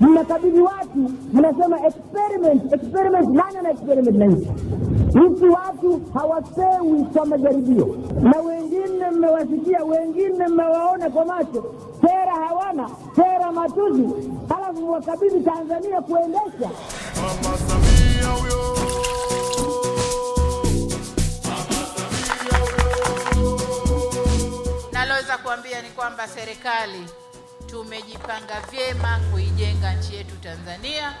mnakabidhi watu, mnasema experiment, experiment. Nani ana experiment na nchi? Nchi watu hawasewi kwa majaribio, na wengine mmewasikia, wengine mmewaona kwa macho, sera hawana sera matuzi, halafu wakabidhi Tanzania kuendesha. naloweza kuambia ni kwamba serikali tumejipanga vyema kuijenga nchi yetu Tanzania,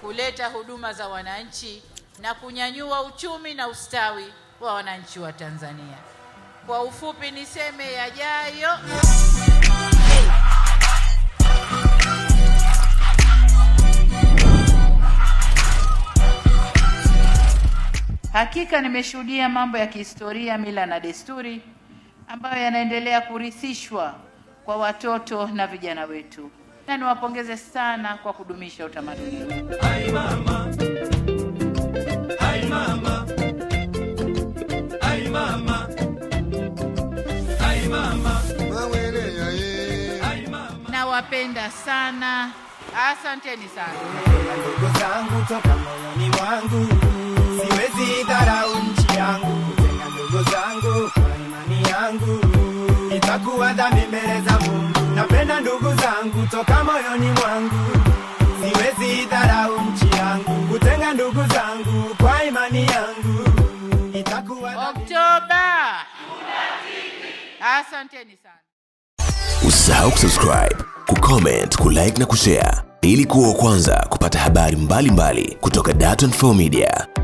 kuleta huduma za wananchi na kunyanyua uchumi na ustawi wa wananchi wa Tanzania. Kwa ufupi niseme yajayo Hakika nimeshuhudia mambo ya kihistoria, mila na desturi ambayo yanaendelea kurithishwa kwa watoto na vijana wetu, na niwapongeze sana kwa kudumisha utamaduni huu. mama, hai mama, hai mama, mama, nawapenda sana, asanteni sana ndugu zangu toka moyoni wangu, siwezi dharau nchi yangu, kutenga ndugu zangu kwa imani yangu nitakuwa dhambi mbele za Mungu. Napenda ndugu zangu toka moyoni mwangu, siwezi idharau nchi yangu, kutenga ndugu zangu kwa imani yangu Nitakuwa Oktoba. Asanteni sana. Usisahau kusubscribe, kucomment, kulike na kushare ili kuwa wa kwanza kupata habari mbalimbali mbali kutoka Dar24 Media.